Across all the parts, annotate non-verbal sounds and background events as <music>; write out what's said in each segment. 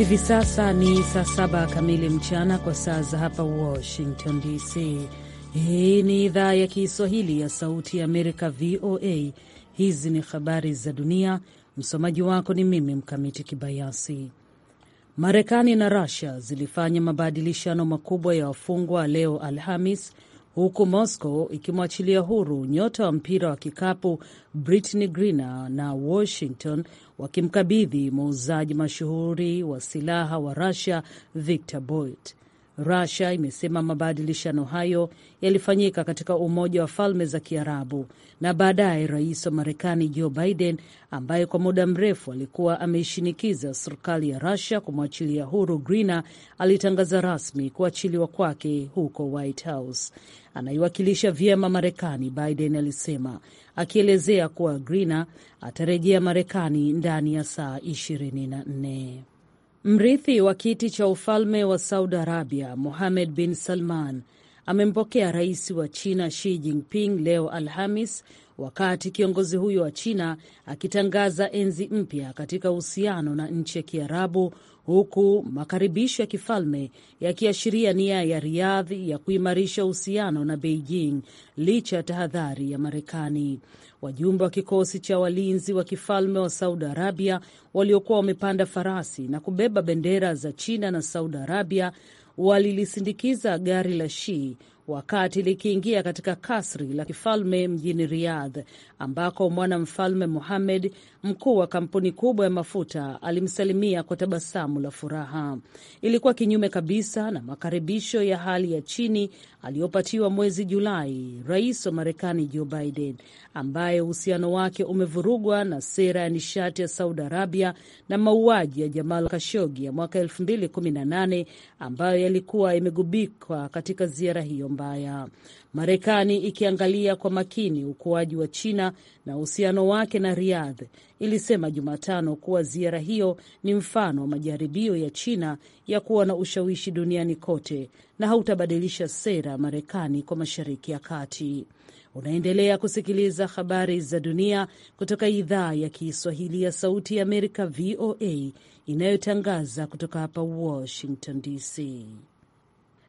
Hivi sasa ni saa saba kamili mchana kwa saa za hapa Washington DC. Hii ni idhaa ya Kiswahili ya Sauti ya Amerika, VOA. Hizi ni habari za dunia. Msomaji wako ni mimi Mkamiti Kibayasi. Marekani na rusia zilifanya mabadilishano makubwa ya wafungwa leo Alhamis huku Moscow ikimwachilia huru nyota wa mpira wa kikapu Brittney Griner na Washington wakimkabidhi muuzaji mashuhuri wa silaha wa Russia Victor boyt rusia imesema mabadilishano hayo yalifanyika katika Umoja wa Falme za Kiarabu na baadaye rais wa Marekani Joe Biden, ambaye kwa muda mrefu alikuwa ameishinikiza serikali ya rasia kumwachilia huru Grina, alitangaza rasmi kuachiliwa kwake huko White House. Anaiwakilisha vyema Marekani, Biden alisema, akielezea kuwa Grina atarejea Marekani ndani ya saa 24. Mrithi wa kiti cha ufalme wa Saudi Arabia Mohammed bin Salman amempokea rais wa China Xi Jinping leo Alhamis, wakati kiongozi huyo wa China akitangaza enzi mpya katika uhusiano na nchi ya Kiarabu, huku makaribisho ya kifalme yakiashiria nia ya riadhi ya kuimarisha uhusiano na Beijing licha ya tahadhari ya Marekani. Wajumbe wa kikosi cha walinzi wa kifalme wa Saudi Arabia waliokuwa wamepanda farasi na kubeba bendera za China na Saudi Arabia walilisindikiza gari la Shii wakati likiingia katika kasri la kifalme mjini Riyadh, ambako mwanamfalme muhamed mkuu wa kampuni kubwa ya mafuta, alimsalimia kwa tabasamu la furaha. Ilikuwa kinyume kabisa na makaribisho ya hali ya chini aliyopatiwa mwezi Julai rais wa Marekani Joe Biden, ambaye uhusiano wake umevurugwa na sera ya nishati ya Saudi Arabia na mauaji ya Jamal kashogi ya mwaka 2018 ambayo yalikuwa imegubikwa katika ziara hiyo mbaya, Marekani ikiangalia kwa makini ukuaji wa China na uhusiano wake na Riyadh ilisema Jumatano kuwa ziara hiyo ni mfano wa majaribio ya China ya kuwa na ushawishi duniani kote na hautabadilisha sera ya Marekani kwa Mashariki ya Kati. Unaendelea kusikiliza habari za dunia kutoka idhaa ya Kiswahili ya Sauti ya Amerika, VOA, inayotangaza kutoka hapa Washington DC.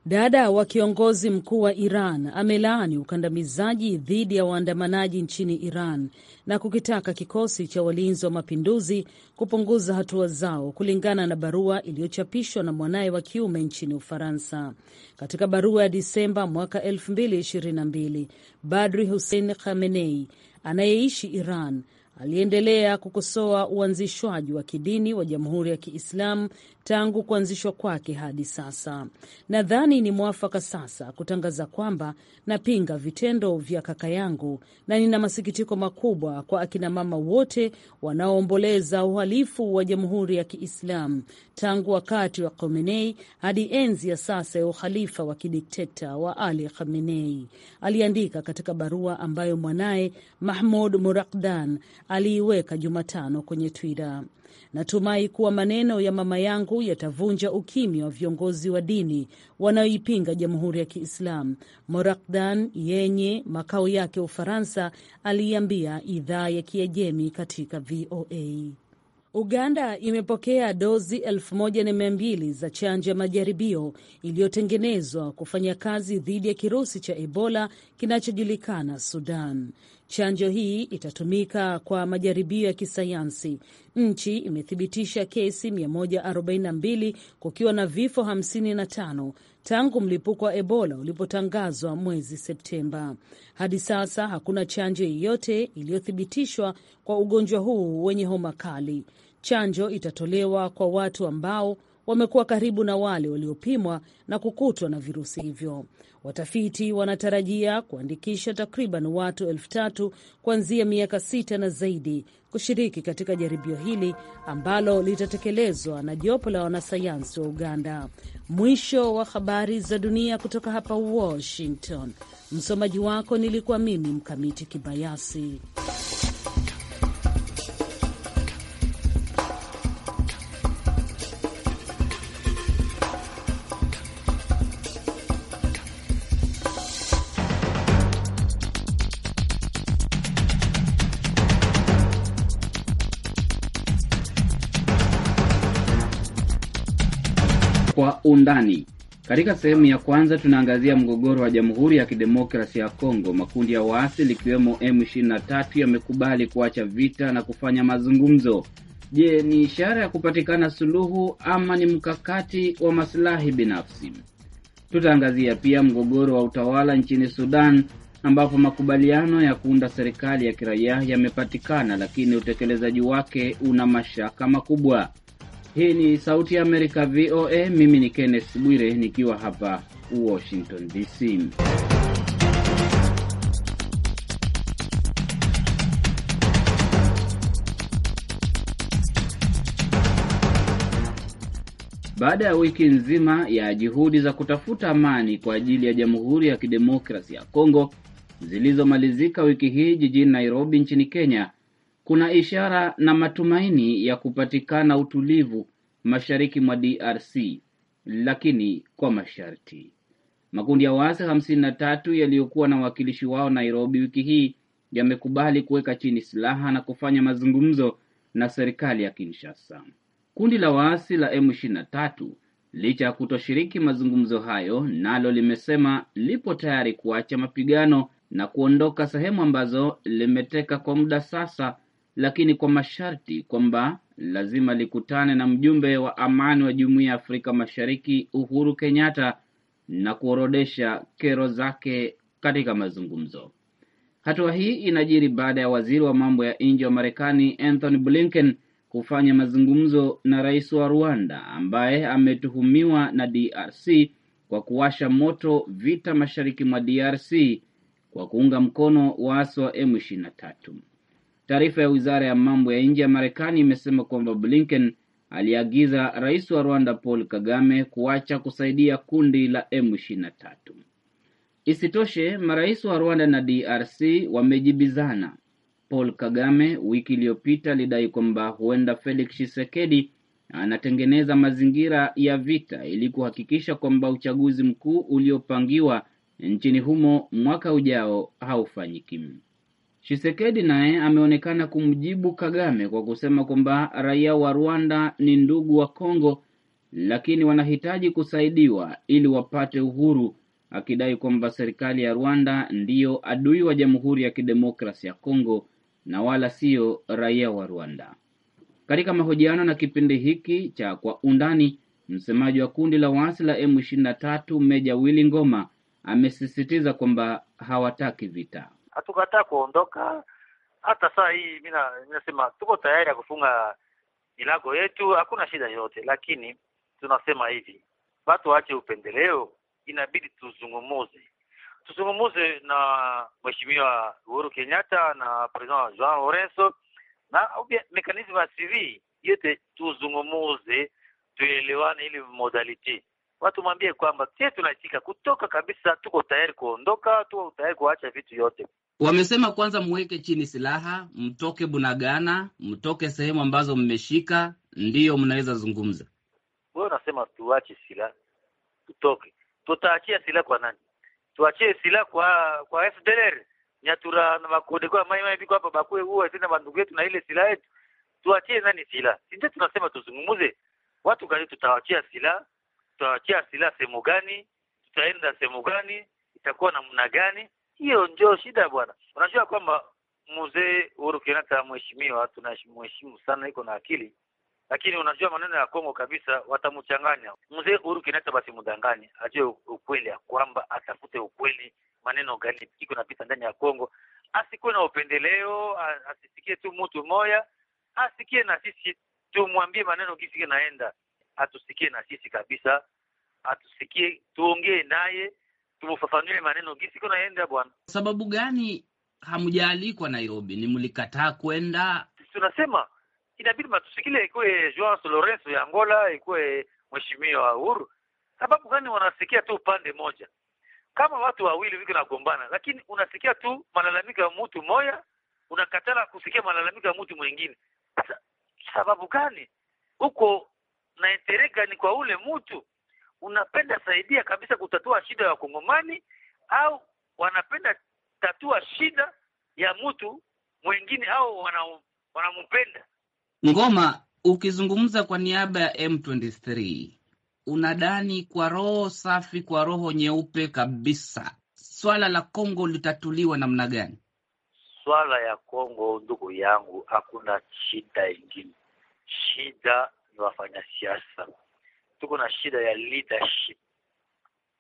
Dada wa kiongozi mkuu wa Iran amelaani ukandamizaji dhidi ya waandamanaji nchini Iran na kukitaka kikosi cha walinzi wa mapinduzi kupunguza hatua zao, kulingana na barua iliyochapishwa na mwanaye wa kiume nchini Ufaransa. Katika barua ya Disemba mwaka 2022, Badri Hussein Khamenei anayeishi Iran aliendelea kukosoa uanzishwaji wa kidini wa Jamhuri ya Kiislamu tangu kuanzishwa kwake hadi sasa. Nadhani ni mwafaka sasa kutangaza kwamba napinga vitendo vya kaka yangu na nina masikitiko makubwa kwa akinamama wote wanaoomboleza uhalifu wa Jamhuri ya Kiislamu tangu wakati wa Khomeini hadi enzi ya sasa ya uhalifa wa kidikteta wa Ali Khamenei, aliandika katika barua ambayo mwanaye Mahmud Murakdan aliiweka Jumatano kwenye Twitter. Natumai kuwa maneno ya mama yangu yatavunja ukimya wa viongozi wa dini wanaoipinga Jamhuri ya Kiislamu, Morakdan yenye makao yake Ufaransa, aliiambia idhaa ya Kiajemi katika VOA. Uganda imepokea dozi 1200 za chanjo ya majaribio iliyotengenezwa kufanya kazi dhidi ya kirusi cha Ebola kinachojulikana Sudan. Chanjo hii itatumika kwa majaribio ya kisayansi. Nchi imethibitisha kesi 142 kukiwa na vifo 55 tangu mlipuko wa Ebola ulipotangazwa mwezi Septemba. Hadi sasa hakuna chanjo yeyote iliyothibitishwa kwa ugonjwa huu wenye homa kali. Chanjo itatolewa kwa watu ambao wamekuwa karibu na wale waliopimwa na kukutwa na virusi hivyo. Watafiti wanatarajia kuandikisha takriban watu elfu tatu kuanzia miaka sita na zaidi kushiriki katika jaribio hili ambalo litatekelezwa na jopo la wanasayansi wa Uganda. Mwisho wa habari za dunia kutoka hapa Washington. Msomaji wako nilikuwa mimi Mkamiti Kibayasi. undani. Katika sehemu ya kwanza tunaangazia mgogoro wa Jamhuri ya Kidemokrasia ya Kongo. Makundi ya waasi likiwemo M23 yamekubali kuacha vita na kufanya mazungumzo. Je, ni ishara ya kupatikana suluhu ama ni mkakati wa masilahi binafsi? Tutaangazia pia mgogoro wa utawala nchini Sudan ambapo makubaliano ya kuunda serikali ya kiraia yamepatikana, lakini utekelezaji wake una mashaka makubwa. Hii ni Sauti ya Amerika, VOA. Mimi ni Kenneth Bwire nikiwa hapa Washington DC. Baada ya wiki nzima ya juhudi za kutafuta amani kwa ajili ya Jamhuri ya Kidemokrasi ya Kongo zilizomalizika wiki hii jijini Nairobi nchini Kenya, kuna ishara na matumaini ya kupatikana utulivu mashariki mwa DRC, lakini kwa masharti. Makundi ya waasi hamsini na tatu yaliyokuwa na wakilishi wao Nairobi wiki hii yamekubali kuweka chini silaha na kufanya mazungumzo na serikali ya Kinshasa. Kundi la waasi la M23 licha ya kutoshiriki mazungumzo hayo, nalo limesema lipo tayari kuacha mapigano na kuondoka sehemu ambazo limeteka kwa muda sasa, lakini kwa masharti kwamba lazima likutane na mjumbe wa amani wa Jumuiya ya Afrika Mashariki Uhuru Kenyatta na kuorodesha kero zake katika mazungumzo. Hatua hii inajiri baada ya waziri wa mambo ya nje wa Marekani Anthony Blinken kufanya mazungumzo na rais wa Rwanda ambaye ametuhumiwa na DRC kwa kuwasha moto vita mashariki mwa DRC kwa kuunga mkono waasi wa M23. Taarifa ya wizara ya mambo ya nje ya Marekani imesema kwamba Blinken aliagiza rais wa Rwanda Paul Kagame kuacha kusaidia kundi la M23. Isitoshe, marais wa Rwanda na DRC wamejibizana. Paul Kagame wiki iliyopita alidai kwamba huenda Felix Tshisekedi anatengeneza mazingira ya vita ili kuhakikisha kwamba uchaguzi mkuu uliopangiwa nchini humo mwaka ujao haufanyiki chisekedi naye ameonekana kumjibu Kagame kwa kusema kwamba raia wa Rwanda ni ndugu wa Kongo, lakini wanahitaji kusaidiwa ili wapate uhuru, akidai kwamba serikali ya Rwanda ndiyo adui wa Jamhuri ya Kidemokrasia ya Kongo na wala siyo raia wa Rwanda. Katika mahojiano na kipindi hiki cha Kwa Undani, msemaji wa kundi la waasi la M23 Meja Willy Ngoma amesisitiza kwamba hawataki vita hatukataa kuondoka. Hata saa hii mimi nasema tuko tayari ya kufunga milango yetu, hakuna shida yoyote, lakini tunasema hivi, watu waache upendeleo, inabidi tuzungumuze tuzungumuze na Mheshimiwa Uhuru Kenyatta na President Joao Lorenzo na mekanisme ya CV yote, tuzungumuze tuelewane, ili modality watu mwambie kwamba sie tunaitika kutoka kabisa, tuko tayari kuondoka, tuko tayari kuacha vitu yote. Wamesema kwanza mweke chini silaha, mtoke Bunagana, mtoke sehemu ambazo mmeshika, ndiyo mnaweza zungumza. Wao wanasema tuache silaha, tutoke. Tutaachia silaha kwa nani? Tuachie silaha kwa kwa FDLR nyatura na makode kwa maimai biko hapa bakue huwa tena bandugu yetu na ile silaha yetu, tuachie nani silaha? Si tunasema tuzungumuze watu gani, tutawachia silaha, tutawachia silaha sehemu gani, tutaenda sehemu gani, itakuwa namna gani? Hiyo ndio shida bwana. Unajua kwamba mzee Uhuru Kenyatta mheshimiwa, tunamheshimu sana, iko na akili, lakini unajua maneno ya Kongo kabisa, watamchanganya mzee Uhuru Kenyatta. Basi mdanganye, ajue ukweli ya kwamba atafute ukweli, maneno gani iko napita ndani ya Kongo, asikuwe na upendeleo, asisikie tu mtu moya, asikie na sisi, tumwambie maneno kisi naenda, atusikie na sisi kabisa, atusikie tuongee naye tuufafanue maneno gisi kuna bwana. Sababu gani hamjaalikwa Nairobi? Ni mlikataa kwenda? Tunasema inabidi matusikile ikuwe Joao Lorenzo ya Angola, ikuwe mheshimiwa Uhuru. Sababu gani wanasikia tu upande moja, kama watu wawili wiko nagombana, lakini unasikia tu malalamiko ya mtu moya, unakatala kusikia malalamiko ya mtu mwingine. Sababu gani? Huko na interega ni kwa ule mtu unapenda saidia kabisa kutatua shida ya wakongomani au wanapenda tatua shida ya mtu mwingine au wanampenda Ngoma, ukizungumza kwa niaba ya M23 unadani kwa roho safi, kwa roho nyeupe kabisa, swala la Kongo litatuliwa namna gani? Swala ya Kongo, ndugu yangu, hakuna shida ingine. Shida ni wafanyasiasa tuko na shida ya leadership.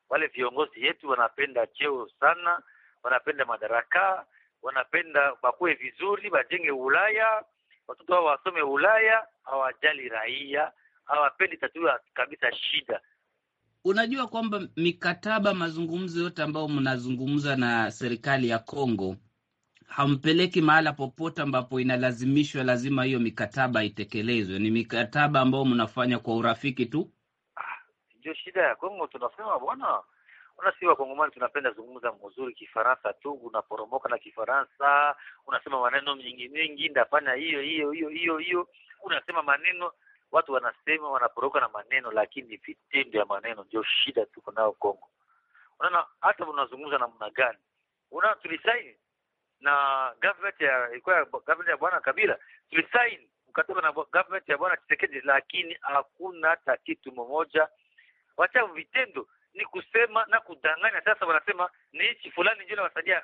Wale viongozi yetu wanapenda cheo sana, wanapenda madaraka, wanapenda bakuwe vizuri, bajenge Ulaya, watoto wao wasome Ulaya, hawajali raia, hawapendi tatua kabisa shida. Unajua kwamba mikataba, mazungumzo yote ambayo mnazungumza na serikali ya Kongo hampeleki mahala popote ambapo inalazimishwa lazima hiyo mikataba itekelezwe. Ni mikataba ambayo mnafanya kwa urafiki tu ndio shida ya Kongo. Tunasema bwana, una si Wakongomani tunapenda kuzungumza mzuri Kifaransa tu, unaporomoka na Kifaransa, unasema maneno mengi mengi, ndafanya hiyo hiyo hiyo hiyo hiyo, unasema maneno watu wanasema wanaporoka na maneno, lakini vitendo ya maneno ndio shida tuko nayo Kongo. Unaona hata unazungumza namna gani, una tulisaini na government ya ilikuwa government ya bwana Kabila, tulisaini mkataba na government ya bwana Tshisekedi, lakini hakuna hata kitu mmoja wacha vitendo ni kusema na kudanganya. Sasa wanasema ni nchi fulani ndio inawasaidia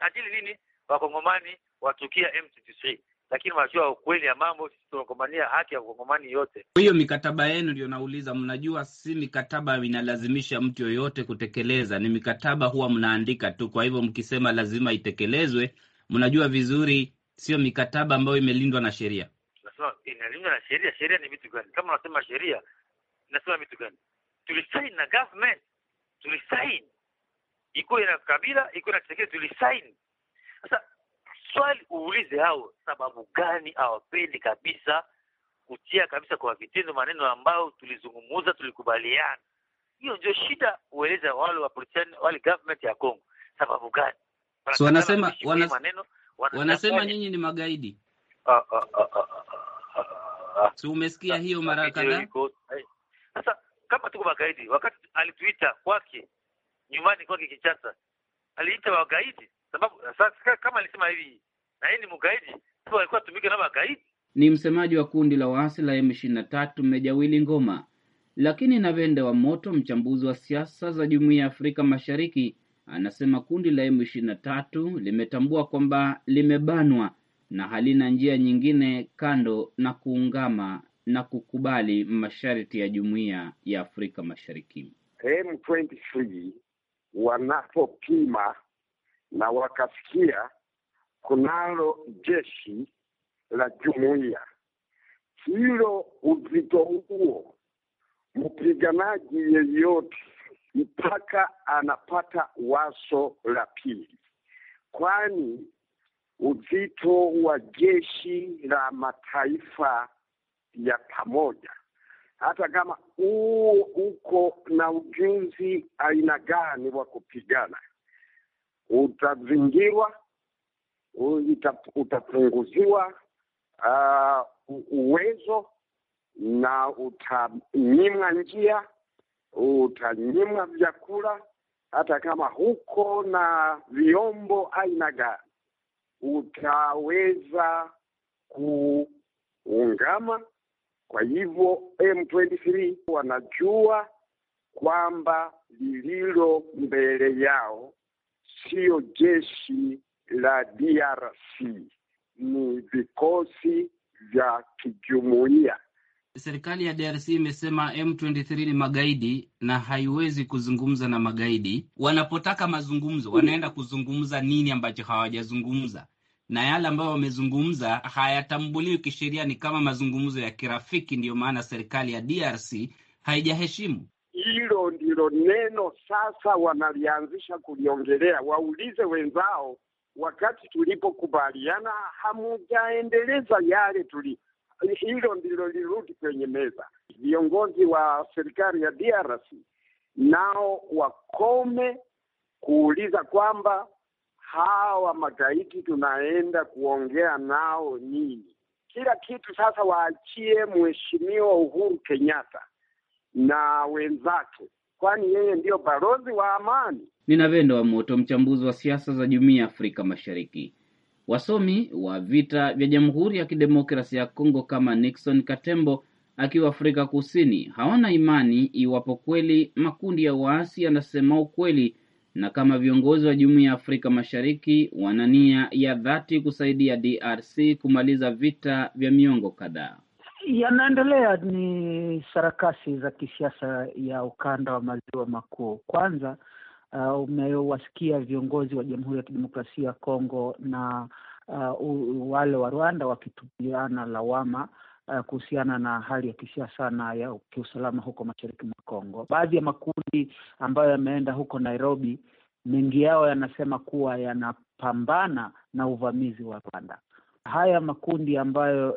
ajili nini wakongomani watukia M23, lakini wanajua ukweli ya mambo. Sisi tunakongomania haki ya wakongomani yote. Hiyo mikataba yenu ndio nauliza, mnajua si mikataba inalazimisha mtu yoyote kutekeleza, ni mikataba huwa mnaandika tu. Kwa hivyo mkisema lazima itekelezwe, mnajua vizuri sio mikataba ambayo imelindwa na sheria. Nasema inalindwa na sheria. Sheria ni vitu gani? Kama unasema sheria, nasema vitu gani? tulisain na government tulisain iko na kabila iko na kisekere tulisain. sasa swali uulize hao sababu gani hawapendi kabisa kutia kabisa kwa vitendo maneno ambayo tulizungumuza tulikubaliana hiyo ndio shida ueleza wale wa politician wale government ya Kongo sababu gani so, wanasema wana, maneno wanasema nyinyi ni magaidi ah, ah, ah, ah, ah, ah. ah. So, umesikia hiyo mara kadhaa kama tuko magaidi, wakati alituita kwake nyumbani kwake Kinshasa, aliita wagaidi sababu sasa kama alisema hivi na yeye ni mgaidi, sio alikuwa tumike na magaidi. Ni msemaji wa kundi la waasi la M23 Mmejawili Ngoma. Lakini Navende wa Moto, mchambuzi wa siasa za Jumuiya ya Afrika Mashariki, anasema kundi la M23 limetambua kwamba limebanwa na halina njia nyingine kando na kuungama na kukubali masharti ya Jumuiya ya Afrika Mashariki. M23 wanapopima na wakasikia kunalo jeshi la jumuiya hilo, uzito huo, mpiganaji yeyote mpaka anapata waso la pili, kwani uzito wa jeshi la mataifa ya pamoja, hata kama huo uko na ujuzi aina gani wa kupigana, utazingirwa, utapunguziwa uh, uwezo na utanyimwa njia, utanyimwa vyakula, hata kama huko na vyombo aina gani utaweza kuungama kwa hivyo M23 wanajua kwamba lililo mbele yao siyo jeshi la DRC, ni vikosi vya kijumuiya. Serikali ya DRC imesema M23 ni magaidi na haiwezi kuzungumza na magaidi. Wanapotaka mazungumzo, wanaenda kuzungumza nini ambacho hawajazungumza? na yale ambayo wamezungumza hayatambuliwi kisheria, ni kama mazungumzo ya kirafiki. Ndiyo maana serikali ya DRC haijaheshimu hilo. Ndilo neno sasa wanalianzisha kuliongelea. Waulize wenzao, wakati tulipokubaliana hamujaendeleza yale tuli hilo ndilo lirudi kwenye meza. Viongozi wa serikali ya DRC nao wakome kuuliza kwamba hawa magaidi tunaenda kuongea nao nini? Kila kitu sasa waachie Mheshimiwa Uhuru Kenyatta na wenzake, kwani yeye ndiyo balozi wa amani. vendo wa Moto, mchambuzi wa siasa za Jumuiya ya Afrika Mashariki. Wasomi wa vita vya Jamhuri ya Kidemokrasia ya Kongo kama Nixon Katembo akiwa Afrika Kusini hawana imani iwapo kweli makundi ya waasi yanasema ukweli na kama viongozi wa Jumuiya ya Afrika Mashariki wana nia ya dhati kusaidia DRC kumaliza vita vya miongo kadhaa. Yanaendelea ni sarakasi za kisiasa ya ukanda wa maziwa makuu. Kwanza uh, umewasikia viongozi wa Jamhuri ya Kidemokrasia ya Kongo na uh, wale wa Rwanda wakitupiana lawama Eh, kuhusiana na hali ya kisiasa na ya kiusalama huko mashariki mwa Kongo. Baadhi ya makundi ambayo yameenda huko Nairobi, mengi yao yanasema kuwa yanapambana na uvamizi wa Rwanda. Haya makundi ambayo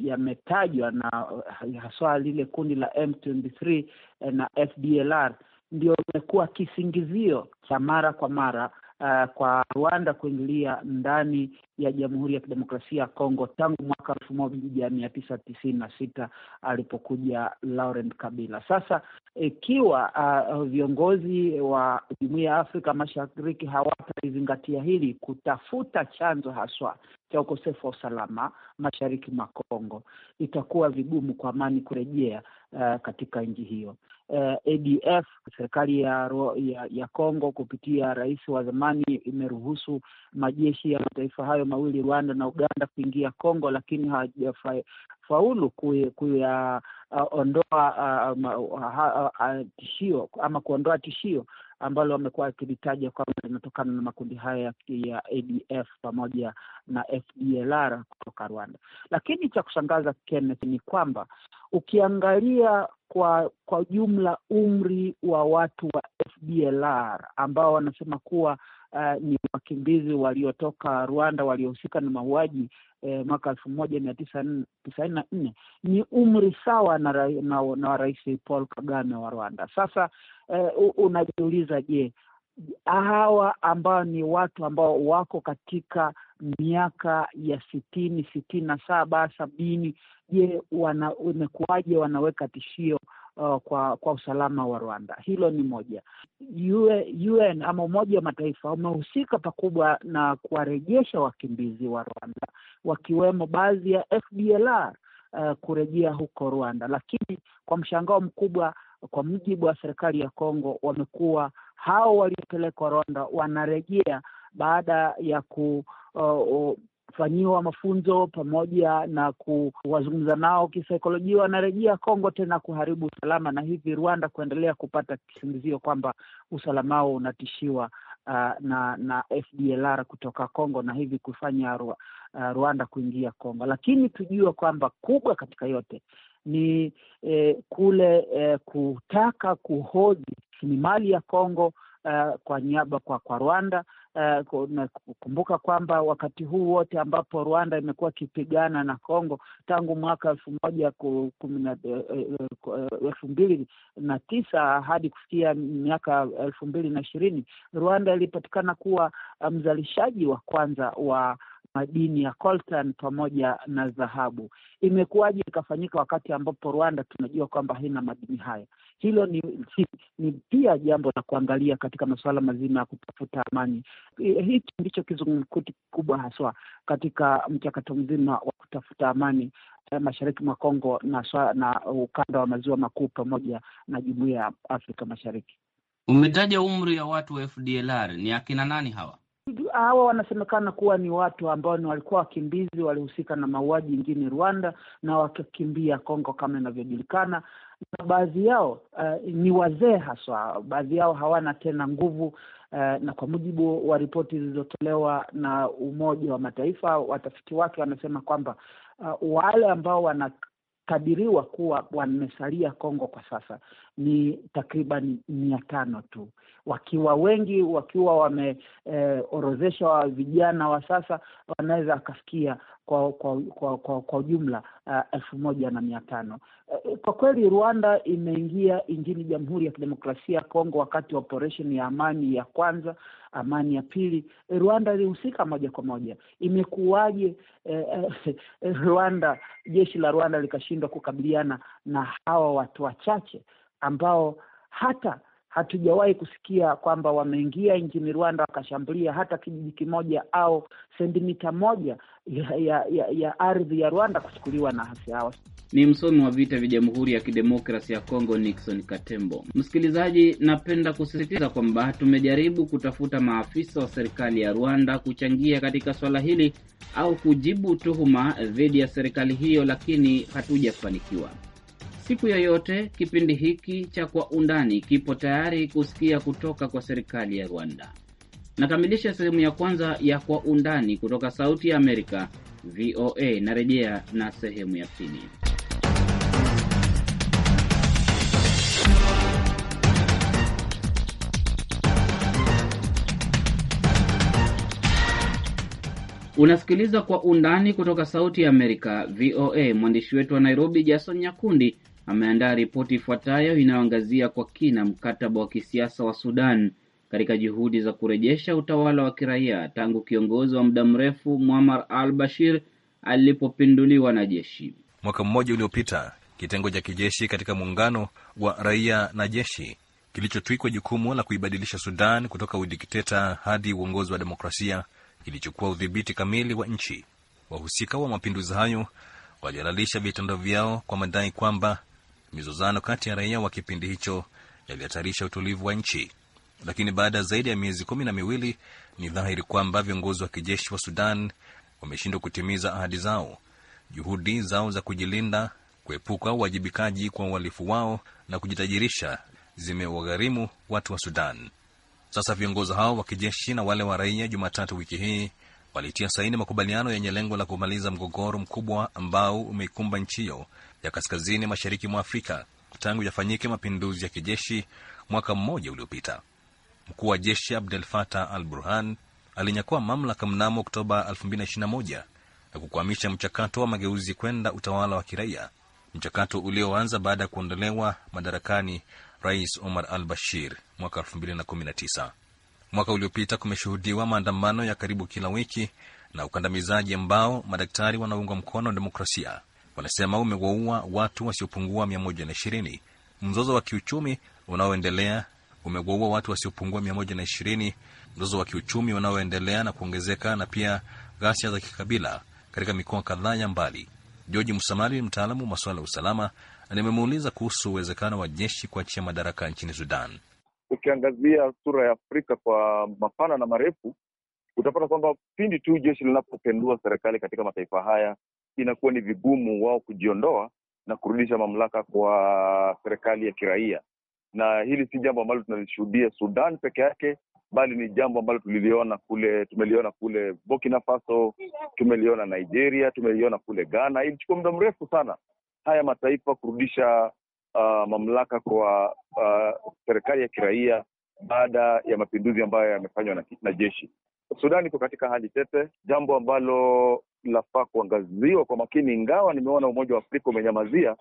yametajwa ya na eh, haswa lile kundi la M23 eh, na FDLR ndio imekuwa kisingizio cha mara kwa mara uh, kwa Rwanda kuingilia ndani ya Jamhuri ya Kidemokrasia ya Kongo tangu mwaka elfu moja mia tisa tisini na sita alipokuja Laurent Kabila. Sasa ikiwa uh, viongozi wa jumuia ya Afrika Mashariki hawatalizingatia hili, kutafuta chanzo haswa cha ukosefu wa usalama mashariki mwa Kongo, itakuwa vigumu kwa amani kurejea uh, katika nchi hiyo uh, eh, ADF. Serikali ya, ya, ya Kongo kupitia rais wa zamani imeruhusu majeshi ya mataifa hayo mawili Rwanda na Uganda kuingia Kongo, lakini hawajafaulu kuyaondoa uh, uh, uh, uh, uh, uh, tishio ama kuondoa tishio ambalo wamekuwa wakilitaja kwamba linatokana na makundi haya ya ADF pamoja na FDLR kutoka Rwanda. Lakini cha kushangaza Kenneth, ni kwamba ukiangalia kwa kwa jumla umri wa watu wa FDLR ambao wanasema kuwa uh, ni wakimbizi waliotoka Rwanda waliohusika na mauaji eh, mwaka elfu moja mia tisa tisaini na nne ni umri sawa na, na, na, na Rais Paul Kagame wa Rwanda. Sasa eh, unajiuliza je, hawa ambao ni watu ambao wako katika miaka ya sitini sitini na saba sabini, je, wana, imekuwaje wanaweka tishio uh, kwa kwa usalama wa Rwanda. Hilo ni moja. UN, UN ama Umoja wa Mataifa umehusika pakubwa na kuwarejesha wakimbizi wa Rwanda wakiwemo baadhi ya FDLR uh, kurejea huko Rwanda, lakini kwa mshangao mkubwa, kwa mujibu wa serikali ya Kongo, wamekuwa hao waliopelekwa Rwanda wanarejea baada ya ku uh, uh, kufanyiwa mafunzo pamoja na kuwazungumza nao kisaikolojia, wanarejea Kongo tena kuharibu usalama, na hivi Rwanda kuendelea kupata kisingizio kwamba usalama wao unatishiwa uh, na na FDLR kutoka Kongo, na hivi kufanya Rwa, uh, Rwanda kuingia Kongo. Lakini tujue kwamba kubwa katika yote ni eh, kule eh, kutaka kuhodhi mali ya Kongo uh, kwa niaba kwa, kwa Rwanda Uh, eh, kumbuka kwamba wakati huu wote ambapo Rwanda imekuwa ikipigana na Kongo tangu mwaka elfu moja eh, eh, elfu mbili na tisa hadi kufikia miaka elfu mbili na ishirini Rwanda ilipatikana kuwa mzalishaji wa kwanza wa madini ya coltan pamoja na dhahabu. Imekuwaje ikafanyika wakati ambapo Rwanda tunajua kwamba haina madini haya? Hilo ni, ni pia jambo la kuangalia katika masuala mazima ya kutafuta amani. Eh, hichi ndicho kizungumkuti kikubwa haswa katika mchakato mzima wa kutafuta amani eh, mashariki mwa Kongo na, na ukanda wa maziwa makuu pamoja na jumuiya ya Afrika Mashariki. Umetaja umri ya watu wa FDLR, ni akina nani hawa? hawa wanasemekana kuwa ni watu ambao ni walikuwa wakimbizi, walihusika na mauaji nchini Rwanda na wakakimbia Kongo kama inavyojulikana, na baadhi yao uh, ni wazee haswa, baadhi yao hawana tena nguvu uh, na kwa mujibu wa ripoti zilizotolewa na Umoja wa Mataifa, watafiti wake wanasema kwamba uh, wale ambao wanakadiriwa kuwa wamesalia Kongo kwa sasa ni takriban mia tano tu, wakiwa wengi, wakiwa wameorozeshwa eh, vijana wa sasa wanaweza wakafikia kwa kwa kwa kwa, kwa jumla eh, elfu moja na mia tano. Uh, kwa kweli Rwanda imeingia nchini Jamhuri ya Kidemokrasia ya Kongo wakati wa operesheni ya amani ya kwanza, amani ya pili. Eh, Rwanda ilihusika moja kwa moja. Imekuwaje eh, eh, <laughs> Rwanda jeshi la Rwanda likashindwa kukabiliana na hawa watu wachache? ambao hata hatujawahi kusikia kwamba wameingia nchini Rwanda wakashambulia hata kijiji kimoja au sentimita moja ya, ya, ya, ya ardhi ya Rwanda kuchukuliwa na hasi hawa. Ni msomi wa vita vya Jamhuri ya Kidemokrasi ya Kongo, Nixon Katembo. Msikilizaji, napenda kusisitiza kwamba tumejaribu kutafuta maafisa wa serikali ya Rwanda kuchangia katika swala hili au kujibu tuhuma dhidi ya serikali hiyo, lakini hatujafanikiwa siku yoyote. Kipindi hiki cha Kwa Undani kipo tayari kusikia kutoka kwa serikali ya Rwanda. Nakamilisha sehemu ya kwanza ya Kwa Undani kutoka Sauti ya Amerika, VOA. Narejea na sehemu ya pili. Unasikiliza Kwa Undani kutoka Sauti ya Amerika, VOA. Mwandishi wetu wa Nairobi, Jason Nyakundi, ameandaa ripoti ifuatayo inayoangazia kwa kina mkataba wa kisiasa wa Sudan katika juhudi za kurejesha utawala wa kiraia tangu kiongozi wa muda mrefu Muammar al-Bashir alipopinduliwa na jeshi. Mwaka mmoja uliopita, kitengo cha kijeshi katika muungano wa raia na jeshi kilichotwikwa jukumu la kuibadilisha Sudan kutoka udikteta hadi uongozi wa demokrasia kilichukua udhibiti kamili wa nchi. Wahusika wa mapinduzi hayo walihalalisha vitendo vyao kwa madai kwamba Mizozano kati ya raia wa kipindi hicho yalihatarisha utulivu wa nchi, lakini baada zaidi ya miezi kumi na miwili ni dhahiri kwamba viongozi wa kijeshi wa Sudan wameshindwa kutimiza ahadi zao. Juhudi zao za kujilinda, kuepuka uwajibikaji kwa uhalifu wao na kujitajirisha zimewagharimu watu wa Sudan. Sasa viongozi hao wa kijeshi na wale wa raia Jumatatu wiki hii walitia saini makubaliano yenye lengo la kumaliza mgogoro mkubwa ambao umeikumba nchi hiyo ya kaskazini mashariki mwa Afrika tangu yafanyike mapinduzi ya kijeshi mwaka mmoja uliopita. Mkuu wa jeshi Abdel Fattah al Burhan alinyakua mamlaka mnamo Oktoba 2021 na kukwamisha mchakato wa mageuzi kwenda utawala wa kiraia, mchakato ulioanza baada ya kuondolewa madarakani Rais Omar al Bashir mwaka 2019. Mwaka uliopita kumeshuhudiwa maandamano ya karibu kila wiki na ukandamizaji ambao madaktari wanaungwa mkono demokrasia wanasema umewaua watu wasiopungua 120. Mzozo wa kiuchumi unaoendelea umewaua watu wasiopungua 120, mzozo wa kiuchumi unaoendelea na kuongezeka na pia ghasia za kikabila katika mikoa kadhaa ya mbali. George Msamali, mtaalamu wa masuala ya usalama, nimemuuliza kuhusu uwezekano wa jeshi kuachia madaraka nchini Sudan. Ukiangazia sura ya Afrika kwa mapana na marefu, utapata kwamba pindi tu jeshi linapopendua serikali katika mataifa haya inakuwa ni vigumu wao kujiondoa na kurudisha mamlaka kwa serikali ya kiraia, na hili si jambo ambalo tunalishuhudia Sudan peke yake, bali ni jambo ambalo tuliliona kule, tumeliona kule Burkina Faso, tumeliona Nigeria, tumeliona kule Ghana. Ilichukua muda mrefu sana haya mataifa kurudisha uh, mamlaka kwa uh, serikali ya kiraia baada ya mapinduzi ambayo yamefanywa na, na jeshi. Sudan iko katika hali tete, jambo ambalo lafaa kuangaziwa kwa makini, ingawa nimeona Umoja wa Afrika umenyamazia,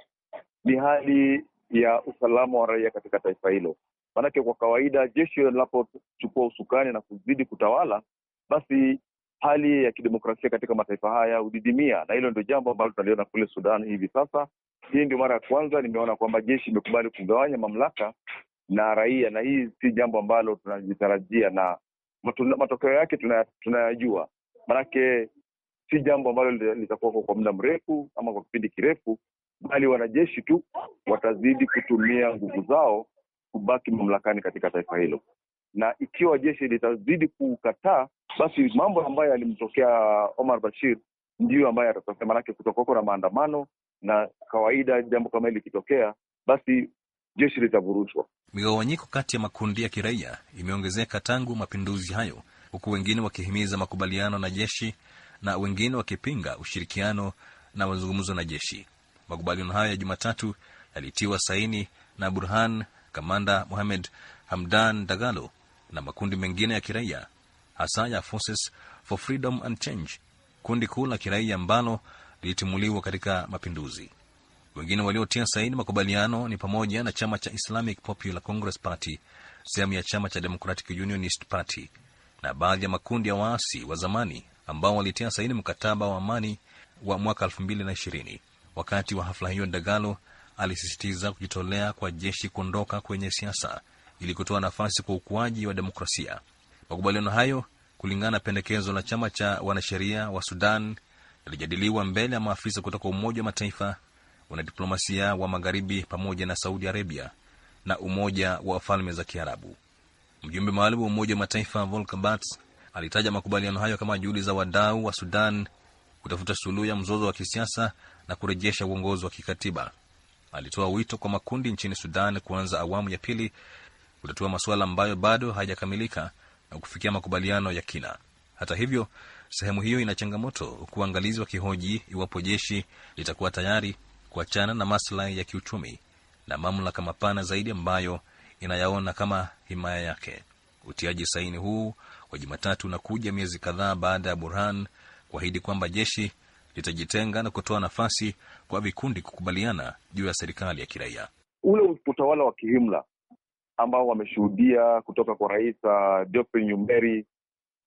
ni hali ya usalama wa raia katika taifa hilo. Maanake kwa kawaida jeshi linapochukua usukani na kuzidi kutawala, basi hali ya kidemokrasia katika mataifa haya hudidimia, na hilo ndio jambo ambalo tunaliona kule Sudan hivi sasa. Hii ndio mara ya kwanza nimeona kwamba jeshi imekubali kugawanya mamlaka na raia, na hii si jambo ambalo tunajitarajia, na matokeo yake tunayajua, manake si jambo ambalo litakuwako kwa muda mrefu ama kwa kipindi kirefu, bali wanajeshi tu watazidi kutumia nguvu zao kubaki mamlakani katika taifa hilo, na ikiwa jeshi litazidi kukataa, basi mambo ambayo yalimtokea Omar Bashir ndiyo ambayo yatatokea, maanake kutokako na maandamano, na kawaida jambo kama hili likitokea, basi jeshi litavurushwa. Migawanyiko kati ya makundi ya kiraia imeongezeka tangu mapinduzi hayo, huku wengine wakihimiza makubaliano na jeshi na wengine wakipinga ushirikiano na mazungumzo na jeshi. Makubaliano hayo ya Jumatatu yalitiwa saini na Burhan, kamanda Mohamed Hamdan Dagalo na makundi mengine ya kiraia, hasa ya Forces for Freedom and Change, kundi kuu la kiraia ambalo lilitimuliwa katika mapinduzi. Wengine waliotia saini makubaliano ni pamoja na chama cha Islamic Popular Congress Party, sehemu ya chama cha Democratic Unionist Party na baadhi ya makundi ya waasi wa zamani ambao walitia saini mkataba wa amani wa mwaka elfu mbili na ishirini. Wakati wa hafla hiyo, Dagalo alisisitiza kujitolea kwa jeshi kuondoka kwenye siasa ili kutoa nafasi kwa ukuaji wa demokrasia. Makubaliano hayo, kulingana na pendekezo la chama cha wanasheria wa Sudan, yalijadiliwa mbele ya maafisa kutoka Umoja wa Mataifa, wanadiplomasia wa Magharibi pamoja na Saudi Arabia na Umoja wa Falme za Kiarabu. Mjumbe maalum wa Umoja wa Mataifa Volker Alitaja makubaliano hayo kama juhudi za wadau wa Sudan kutafuta suluhu ya mzozo wa kisiasa na kurejesha uongozi wa kikatiba. Alitoa wito kwa makundi nchini Sudan kuanza awamu ya pili kutatua masuala ambayo bado hayajakamilika na kufikia makubaliano ya kina. Hata hivyo, sehemu hiyo ina changamoto, huku waangalizi kihoji iwapo jeshi litakuwa tayari kuachana na maslahi ya kiuchumi na mamlaka mapana zaidi ambayo inayaona kama himaya yake. Utiaji saini huu wa Jumatatu unakuja miezi kadhaa baada ya Burhan kuahidi kwamba jeshi litajitenga na kutoa nafasi kwa vikundi kukubaliana juu ya serikali ya kiraia. Ule utawala wa kihimla ambao wameshuhudia kutoka kwa Rais Diope uh, Nyumberi,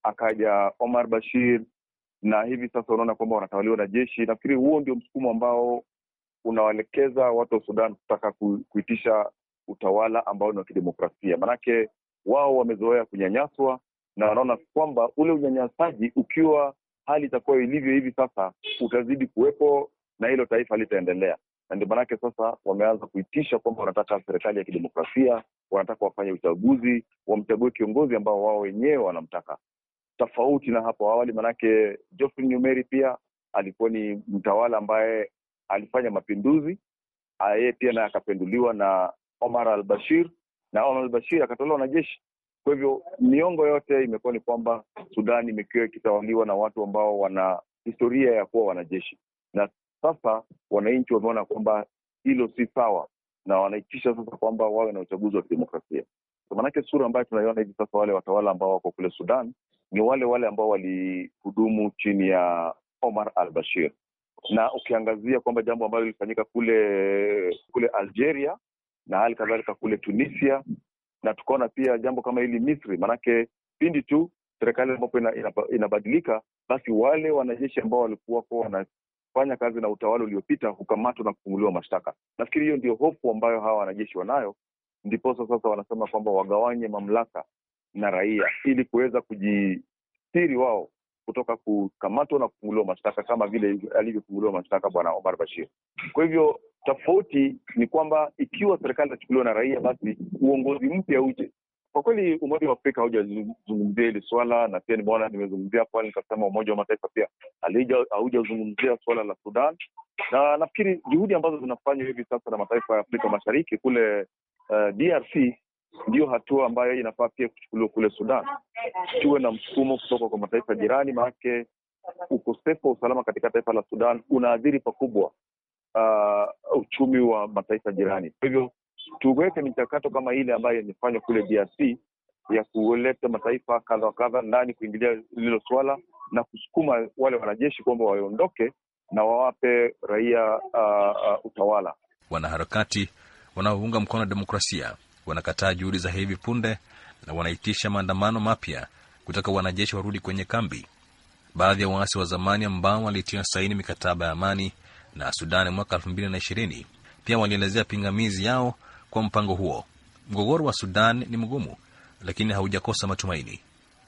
akaja Omar Bashir, na hivi sasa unaona kwamba wanatawaliwa na jeshi. Nafikiri huo ndio msukumo ambao unawaelekeza watu wa Sudan kutaka kuitisha utawala ambao ni wa kidemokrasia, maanake wao wamezoea kunyanyaswa na wanaona kwamba ule unyanyasaji ukiwa hali itakuwa ilivyo hivi sasa utazidi kuwepo na hilo taifa litaendelea na ndio maanake sasa wameanza kuitisha kwamba wanataka serikali ya kidemokrasia wanataka wafanye uchaguzi wamchague kiongozi ambao wao wenyewe wanamtaka tofauti na hapo awali manake Geoffrey Nyumeri pia alikuwa ni mtawala ambaye alifanya mapinduzi yeye pia naye akapenduliwa na Omar al-Bashir na Omar al-Bashir akatolewa na jeshi kwa hivyo miongo yote imekuwa ni kwamba Sudan imekuwa ikitawaliwa na watu ambao wana historia ya kuwa wanajeshi, na sasa wananchi wameona kwamba hilo si sawa, na wanaitisha sasa kwamba wawe na uchaguzi wa kidemokrasia. Maanake sura ambayo tunaiona hivi sasa, wale watawala ambao wako kule Sudan ni wale wale ambao walihudumu chini ya Omar al Bashir, na ukiangazia kwamba jambo ambalo lilifanyika kule kule Algeria na hali kadhalika kule Tunisia na tukaona pia jambo kama hili Misri, maanake pindi tu serikali ambapo inabadilika ina, ina basi wale wanajeshi ambao walikuwako wanafanya kazi na utawala uliopita hukamatwa na kufunguliwa mashtaka. Nafikiri hiyo ndio hofu ambayo hawa wanajeshi wanayo, ndiposa sasa wanasema kwamba wagawanye mamlaka na raia ili kuweza kujistiri wao kutoka kukamatwa na kufunguliwa mashtaka kama vile alivyofunguliwa mashtaka Bwana Omar Bashir. Kwa hivyo tofauti ni kwamba ikiwa serikali itachukuliwa na raia, basi uongozi mpya uje. Kwa kweli Umoja wa Afrika haujazungumzia hili swala, na pia nimeona nimezungumzia pale nikasema Umoja wa Mataifa pia haujazungumzia swala la Sudan, na nafikiri juhudi ambazo zinafanywa hivi sasa na mataifa ya Afrika Mashariki kule uh, eh, DRC Ndiyo hatua ambayo inafaa pia kuchukuliwa kule Sudan, tuwe na msukumo kutoka kwa mataifa jirani, maanake ukosefu wa usalama katika taifa la Sudan unaathiri pakubwa uh, uchumi wa mataifa jirani. Kwa hivyo tuweke michakato kama ile ambayo imefanywa kule DRC ya kuleta mataifa kadha wa kadha ndani kuingilia lilo suala na kusukuma wale wanajeshi kwamba waondoke na wawape raia uh, uh, utawala. Wanaharakati wanaounga mkono demokrasia wanakataa juhudi za hivi punde na wanaitisha maandamano mapya kutaka wanajeshi warudi kwenye kambi. Baadhi ya waasi wa zamani ambao walitia saini mikataba ya amani na Sudani mwaka 2020 pia walielezea pingamizi yao kwa mpango huo. Mgogoro wa Sudan ni mgumu, lakini haujakosa matumaini.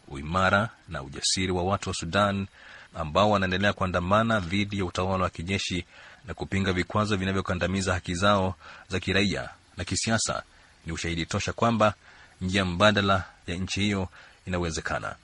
Uimara na ujasiri wa watu wa Sudan ambao wanaendelea kuandamana dhidi ya utawala wa kijeshi na kupinga vikwazo vinavyokandamiza haki zao za kiraia na kisiasa ni ushahidi tosha kwamba njia mbadala ya nchi hiyo inawezekana.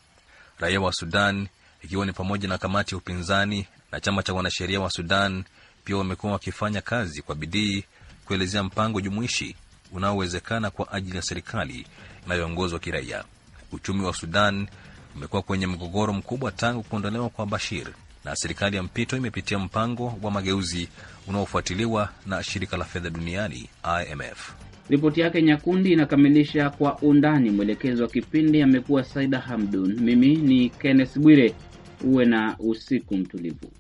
Raia wa Sudan, ikiwa ni pamoja na kamati ya upinzani na chama cha wanasheria wa Sudan, pia wamekuwa wakifanya kazi kwa bidii kuelezea mpango jumuishi unaowezekana kwa ajili ya serikali inayoongozwa kiraia. Uchumi wa Sudan umekuwa kwenye mgogoro mkubwa tangu kuondolewa kwa Bashir, na serikali ya mpito imepitia mpango wa mageuzi unaofuatiliwa na shirika la fedha duniani IMF. Ripoti yake Nyakundi inakamilisha kwa undani. Mwelekezi wa kipindi amekuwa Saida Hamdun, mimi ni Kenneth Bwire. Uwe na usiku mtulivu.